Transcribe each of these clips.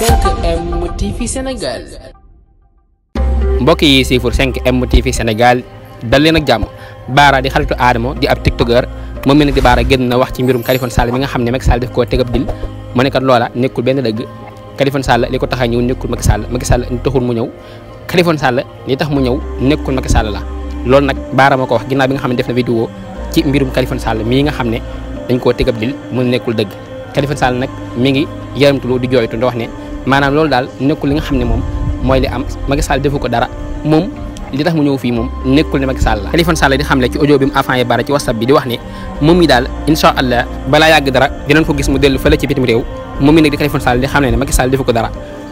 5M TV Sénégal. mbokk yi siifur 5M TV Sénégal dal leen ak jàmm Baara di xaritu Adamo di ab tiktoker moom mi nag di Baara génn na wax ci mbirum Khalifa Sall mi nga xam ne Macky Sall daf koo tegab dil mu ne kat loola nekkul benn dëgg Khalifa Sall li ko tax a ñëw nekkul Macky Sall Macky Sall li taxul mu ñëw Khalifa Sall li tax mu ñëw nekkul Macky Sall la. loolu nag Baara moo ko wax ginnaaw bi nga xam ne def na vidéo ci mbirum Khalifa Sall mii nga xam ne dañ koo tegab dil mu nekkul dëgg. Khalifa Sall nag mi ngi yërëmtuloo di jooytu di wax ne maanaam loolu daal nekkul li nga xam ne moom mooy li am Macky Sall defu ko dara moom li tax mu ñëw fii moom nekkul di xamle mu affané bi di wax ne moom mi daal incha allah dara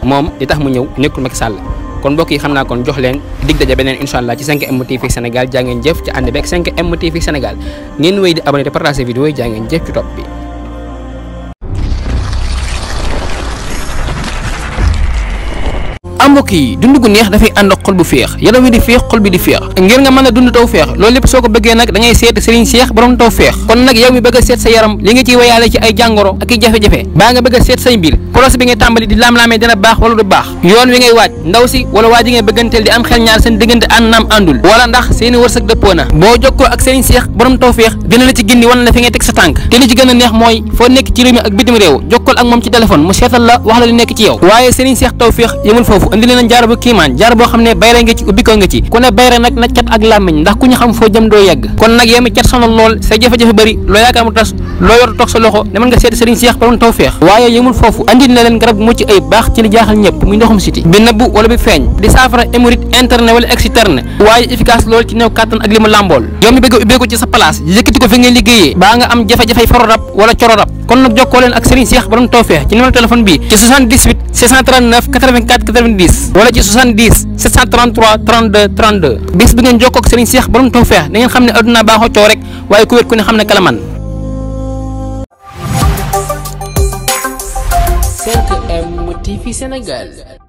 moom li tax mu ñëw nekkul Macky kon mbokk yi xam naa kon jox leen dig daje beneen incha allah ci 5M TV Sénégal jaa ngeen jëf ci ànd beeg 5M TV Sénégal ngeen wéy di abonné te partager vidéo yi jaa ngeen ci topp bi ah mbokk yi dund gu neex dafay ànd ak xol bu féex yaram wi di féex xol bi di féex ngir nga mën a dund taw féex loolu lépp soo ko bëggee nag da ngay seet Serigne Cheikh borom taw féex kon nag yow a seet sa yaram li nga ciy wayaale ci ay jàngoro a bi ngay tàmbali di laam-laamee dina baax wala du baax yoon wi ngay wala waa ji ngay bëgganteel di am xel ñaar seen diggante ànd naam àndul wala ndax seeni wërsëg dëppoo na boo jokkoo ak Serigne Cheikh borom taw féex dina la ci gindi wan la fi nga teg sa tànk te li ci gën a neex mooy foo nekk ci réew mi ak bitim réew jokkool ak moom ci téléphone mu seetal la wax la li nekk ci yow waaye Serigne Cheikh taw féex yëmul foofu indi leen jaar bu kiimaan jaar boo xam ne bayre nga ci ubbi ko nga ci ku ne bayre nag na cat ak làmmiñ ndax ku ñu xam foo jëm doo yegg kon nag yemi cat sonal lool say jafe-jafe bëri loo yaakaar mu loo yor toog sa loxo demal nga seet sëriñ Seex borom tawféex waaye yëmul foofu andil na leen garab gu mucc ay baax ci li jaaxal ñëpp muy ndoxum siti bi nëbbu wala bi feeñ di saafara hémorroïde interne wala externe waaye efficace loolu ci néew kàttan ak li làmbool yow mi bëgg a ubbeeku ci sa place yëkkati ko fi ngay liggéeyee baa nga am jafe-jafey fororab wala cororab kon nag jokkoo leen ak sëriñ Seex borom tawféex ci numéro ci 78 639 84 fii e Sénégal